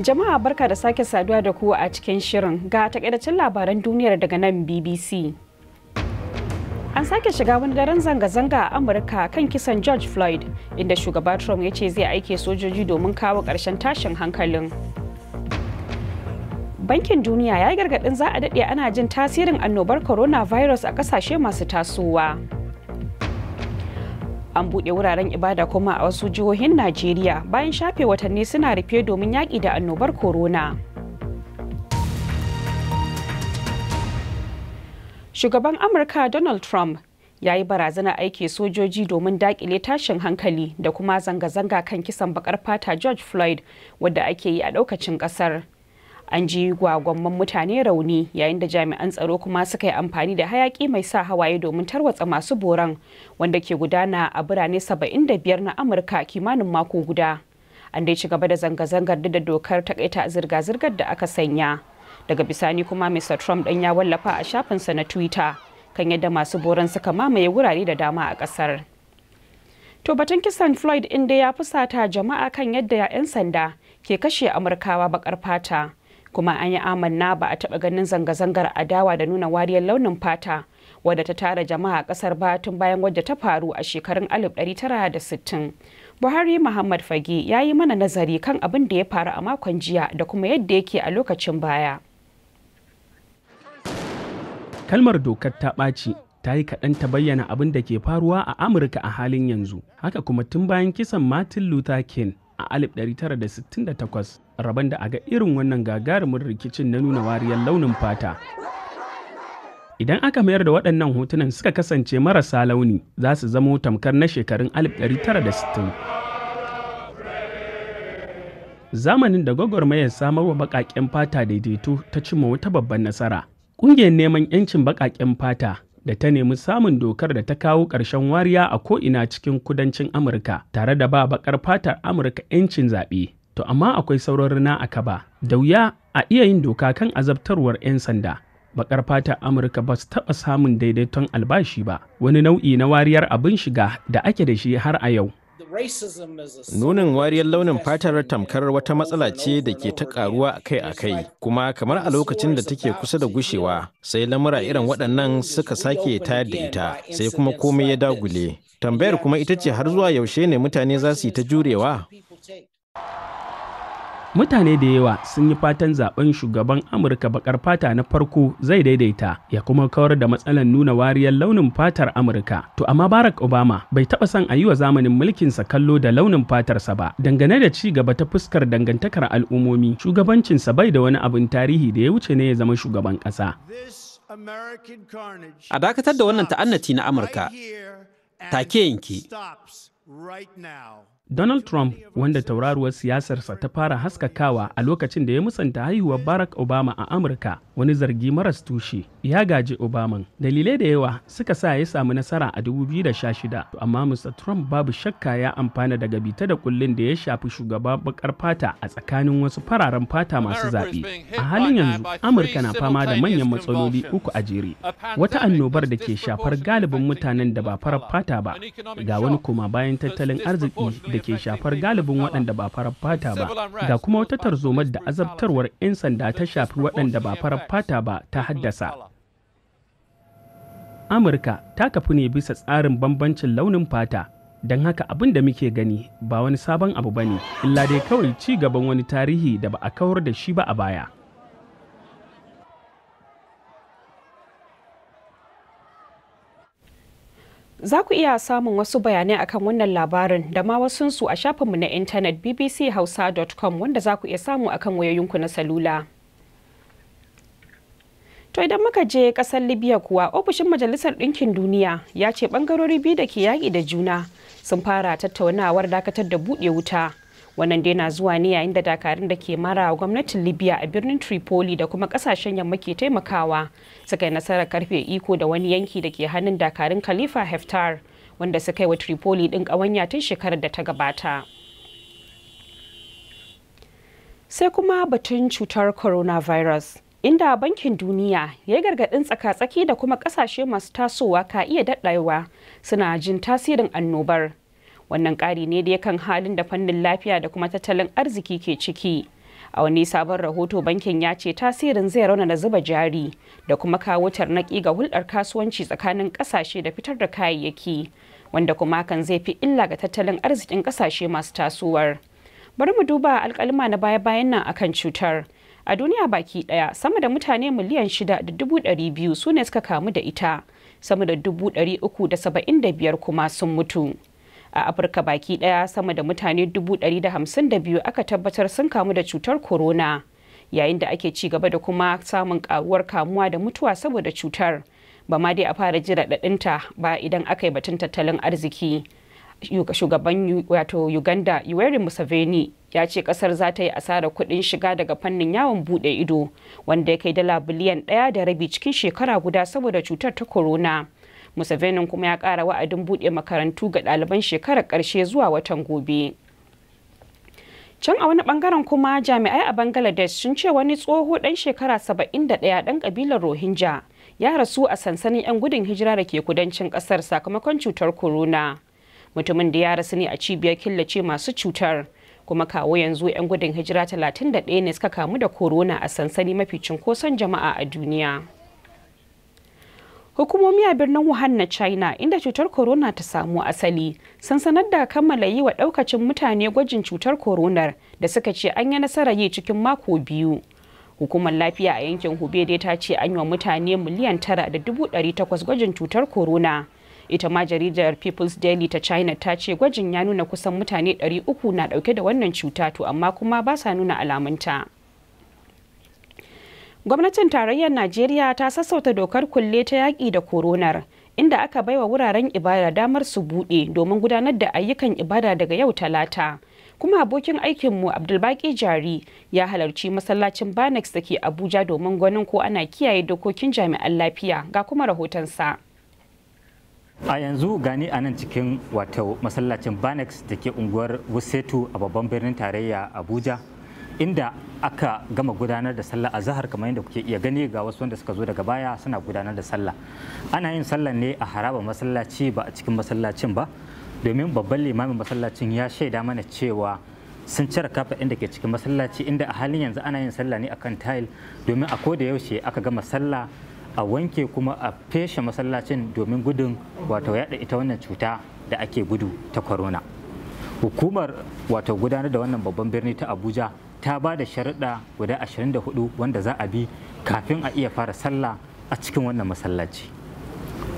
Jama'a barka da sake saduwa da ku a cikin shirin ga takaitaccen labaran duniyar daga nan BBC. An sake shiga wani daren zanga-zanga a Amurka kan kisan George Floyd, inda shugaba Trump ya ce zai aike sojoji domin kawo ƙarshen tashin hankalin. Bankin Duniya ya gargaɗin za a daɗe ana jin tasirin annobar coronavirus a ƙasashe masu tasowa. An buɗe wuraren ibada kuma a wasu jihohin Najeriya bayan shafe watanni suna rufe domin yaƙi da annobar corona. Shugaban Amurka Donald Trump ya yi barazana aiki sojoji domin dakile tashin hankali da kuma zanga-zanga kan kisan bakar fata George Floyd wadda ake yi a daukacin kasar. An ji gwagwamman mutane rauni yayin da jami'an tsaro kuma suka yi amfani da hayaki mai sa hawaye domin tarwatsa masu boran wanda ke gudana a birane 75 na Amurka kimanin mako guda. An dai ci gaba da zanga-zangar da dokar takaita zirga-zirgar da aka sanya. daga bisani kuma mr trump ɗan ya wallafa a shafinsa na twitter kan yadda masu boran suka mamaye wurare da dama a ƙasar to batun kisan floyd inda ya fusata jama'a kan yadda 'yan sanda ke kashe amurkawa bakar fata kuma an yi amanna ba a taɓa ganin zanga-zangar adawa da nuna wariyar launin fata wadda ta tara jama'a ƙasar ba tun bayan wadda ta faru a shekarun 1960 buhari muhammad fage ya yi mana nazari kan abin da ya faru a makon jiya da kuma yadda yake a lokacin baya kalmar dokar ta ɓaci ta yi kaɗan ta bayyana abin da ke faruwa a amurka a halin yanzu haka kuma tun bayan kisan martin luther king a 1968 rabon da aga irin wannan gagarumin rikicin na nuna wariyar launin fata idan aka mayar da waɗannan hotunan suka kasance marasa launi za su zamo tamkar na shekarun 1960 zamanin da gwagwarmayar samar wa baƙaƙen fata daidaito ta cimma wata babban nasara Ƙungiyar neman 'yancin baƙaƙen fata da ta nemi samun dokar da ta kawo ƙarshen wariya a ko'ina cikin kudancin Amurka tare da ba baƙar fatar Amurka 'yancin zaɓe. To amma akwai sauran rina a kaba, da wuya a iya yin doka kan azabtarwar 'yan sanda. Baƙar fatar Amurka ba su taɓa samun daidaiton albashi ba, wani nau'i na wariyar abin shiga da ake da shi har a yau. Nunin wariyar launin fatar tamkar uh, wata matsala ce da ke ta karuwa akai-akai, kuma kamar a lokacin da take kusa da gushewa, sai lamura irin waɗannan suka sake tayar da ita, sai kuma komai ya dagule. Tambayar kuma ita ce har zuwa yaushe ne mutane za su yi ta jurewa? mutane da yawa sun yi fatan zaben shugaban amurka bakar fata na farko zai daidaita ya kuma kawar da matsalar nuna wariyar launin fatar amurka to amma barack obama bai taɓa son a yi wa zamanin mulkinsa kallo da launin fatarsa ba dangane da ci gaba ta fuskar dangantakar al'ummomi shugabancinsa bai da wani abin tarihi da ya wuce ne ya zama shugaban ƙasa a dakatar da wannan ta'annati na amurka take yanki Donald Trump wanda tauraruwar siyasarsa ta fara haskakawa a lokacin da ya musanta haihuwar Barack Obama a Amurka wani zargi maras tushe ya gaji Obaman. Dalilai da yawa suka sa ya samu nasara a 2016 amma Mr. Trump babu shakka ya amfana daga bita da kullun da ya shafi shugaba bakar fata a tsakanin wasu fararen fata masu zaɓe. A halin yanzu Amurka na fama da manyan matsaloli uku a jere. Wata annobar da ke shafar galibin mutanen da ba farar fata ba ga wani kuma bayan tattalin arziki da ke shafar galibin waɗanda ba farar fata ba ga kuma wata tarzomar da azabtarwar 'yan sanda ta shafi waɗanda ba farar fata ba ta haddasa amurka ta kafi ne bisa tsarin bambancin launin fata don haka abin da muke gani ba wani sabon abu ba ne illa dai kawai ci gaban wani tarihi da ba a kawar da shi ba a baya Za ku iya samun wasu bayanai akan wannan labarin da ma wasunsu a shafinmu na intanet bbchausa.com wanda za ku iya samu akan wayoyinku na salula. To idan muka je kasar Libya kuwa ofishin Majalisar Ɗinkin Duniya ya ce ɓangarori biyu da ke yaƙi da juna sun fara tattaunawar dakatar da buɗe wuta wannan dai na zuwa ne yayin da dakarun da ke mara gwamnatin libya a birnin tripoli da kuma kasashen yamma ke taimakawa suka yi nasarar karfe iko da wani yanki da ke hannun dakarun khalifa heftar wanda suka yi wa tripoli din ƙawanya tun shekarar da ta gabata sai kuma batun cutar coronavirus inda bankin duniya ya yi gargadin tsaka-tsaki da kuma kasashe masu tasowa ka iya daɗawa suna jin tasirin annobar wannan ƙari ne da yakan halin da fannin lafiya da kuma tattalin arziki ke ciki a wani sabon rahoto bankin ya ce tasirin zai raunana zuba jari da kuma kawo tarnaki ga hulɗar kasuwanci tsakanin ƙasashe da fitar da kayayyaki wanda kuma hakan zai fi illa ga tattalin arzikin ƙasashe masu tasowar bari mu duba alƙalima na baya-bayan nan akan cutar a duniya baki ɗaya sama da mutane miliyan shida da dubu ɗari biyu su ne suka kamu da ita sama da dubu ɗari uku da saba'in da biyar kuma sun mutu a afirka baki daya sama da mutane dubu da da hamsin biyu aka tabbatar sun kamu da cutar corona yayin da ake ci gaba da kuma samun karuwar kamuwa da mutuwa saboda cutar ba ma dai a fara ji ta ba idan aka yi batun tattalin arziki shugaban wato uganda yoweri museveni ya ce kasar za ta yi asarar kuɗin shiga daga fannin yawon buɗe ido wanda ya kai dala biliyan ɗaya da rabi cikin shekara guda saboda cutar ta corona. musavenin kuma ya ƙara wa'adin buɗe makarantu ga ɗaliban shekarar ƙarshe zuwa watan gobe can a wani bangaren kuma jami'ai a bangladesh sun ce wani tsoho ɗan shekara saba'in da 71 ɗan kabilar rohingya ya rasu a sansanin 'yan gudun hijira da ke kudancin ƙasar sakamakon cutar korona mutumin da ya rasu ne a cibiyar killace masu cutar kuma kawo yanzu 'yan gudun hijira 31 ne suka kamu da korona a sansani mafi cunkoson jama'a a duniya hukumomi a birnin wuhan na china inda cutar corona ta samu asali sun sanar da kammala yi wa daukacin mutane gwajin cutar coronar da suka ce an yi nasara yi cikin mako biyu hukumar lafiya a yankin hubei ta ce an yi wa mutane miliyan tara da dubu ɗari takwas gwajin cutar corona ita ma jaridar people's daily ta china ta ce gwajin ya nuna kusan mutane uku na dauke da wannan cuta to amma kuma ba sa nuna alamunta. gwamnatin tarayyar najeriya ta sassauta dokar kulle ta yaƙi da koronar inda aka baiwa wuraren ibada damar su buɗe domin gudanar da ayyukan ibada daga yau talata kuma abokin aikinmu abdulbaki jari ya halarci masallacin banex da ke abuja domin gwanin ko ana kiyaye dokokin jami'an lafiya ga kuma rahotonsa a yanzu gani a nan cikin wato masallacin banex da ke unguwar wusetu a babban birnin tarayya abuja inda aka gama gudanar da sallah a zahar kamar yadda kuke iya gani ga wasu wanda suka zo daga baya suna gudanar da sallah ana yin sallah ne a haraba masallaci ba a cikin masallacin ba domin babban limamin masallacin ya shaida mana cewa sun cire kafa inda ke cikin masallaci inda a halin yanzu ana yin sallah ne akan tile domin a ko da yaushe aka gama sallah a wanke kuma a feshe masallacin domin gudun wato yaɗa ita wannan cuta da ake gudu ta corona hukumar wato gudanar da wannan babban birni ta abuja ta ba da sharaɗa guda 24 wanda za a bi kafin a iya fara sallah a cikin wannan masallaci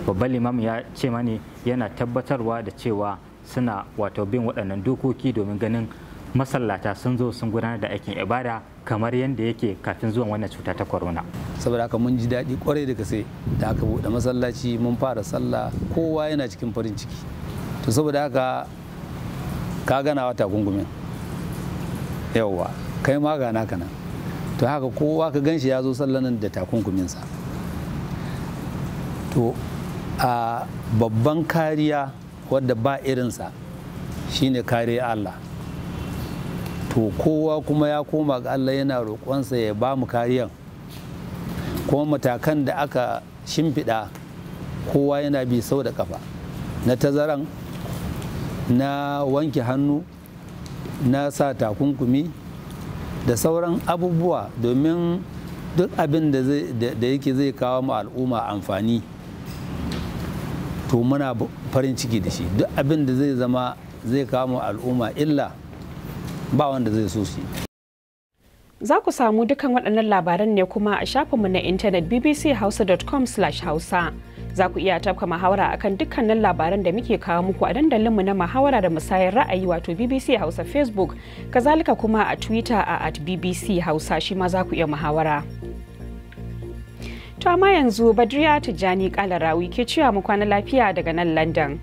babban limam ya ce mani yana tabbatarwa da cewa suna wato bin waɗannan dokoki domin ganin masallata sun zo sun gudanar da aikin ibada kamar yadda yake kafin zuwan wannan cuta ta corona saboda haka mun ji daɗi kwarai da gaske da aka buɗe masallaci mun fara sallah kowa yana cikin farin ciki to saboda haka ka gana wata gungumin yawwa kai ma ga naka nan to haka kowa ka ganshi ya zo sallanan da takunkuminsa to a babban kariya wadda ba irinsa shine kare Allah to kowa kuma ya koma ga Allah yana roƙonsa ya ba mu kariyan kuma matakan da aka shimfiɗa kowa yana bi sau da ƙafa na tazaran na wanke hannu na sa takunkumi da sauran abubuwa domin duk abin da yake zai kawo ma al'umma amfani to muna farin ciki da shi duk abin da zai zama zai kawo ma al'umma illa ba wanda zai so shi za ku samu dukkan waɗannan labaran ne kuma a shafinmu na intanet bbchausa.com/hausa Za ku iya tafka muhawara akan dukkanin labaran da muke kawo muku a dandalinmu na muhawara da musayar ra'ayi wato BBC Hausa Facebook, kazalika kuma a Twitter a at BBC Hausa shi ma za ku iya muhawara. To amma yanzu Badriya Tijjani Kalarawi ke cewa mu kwana lafiya daga nan London.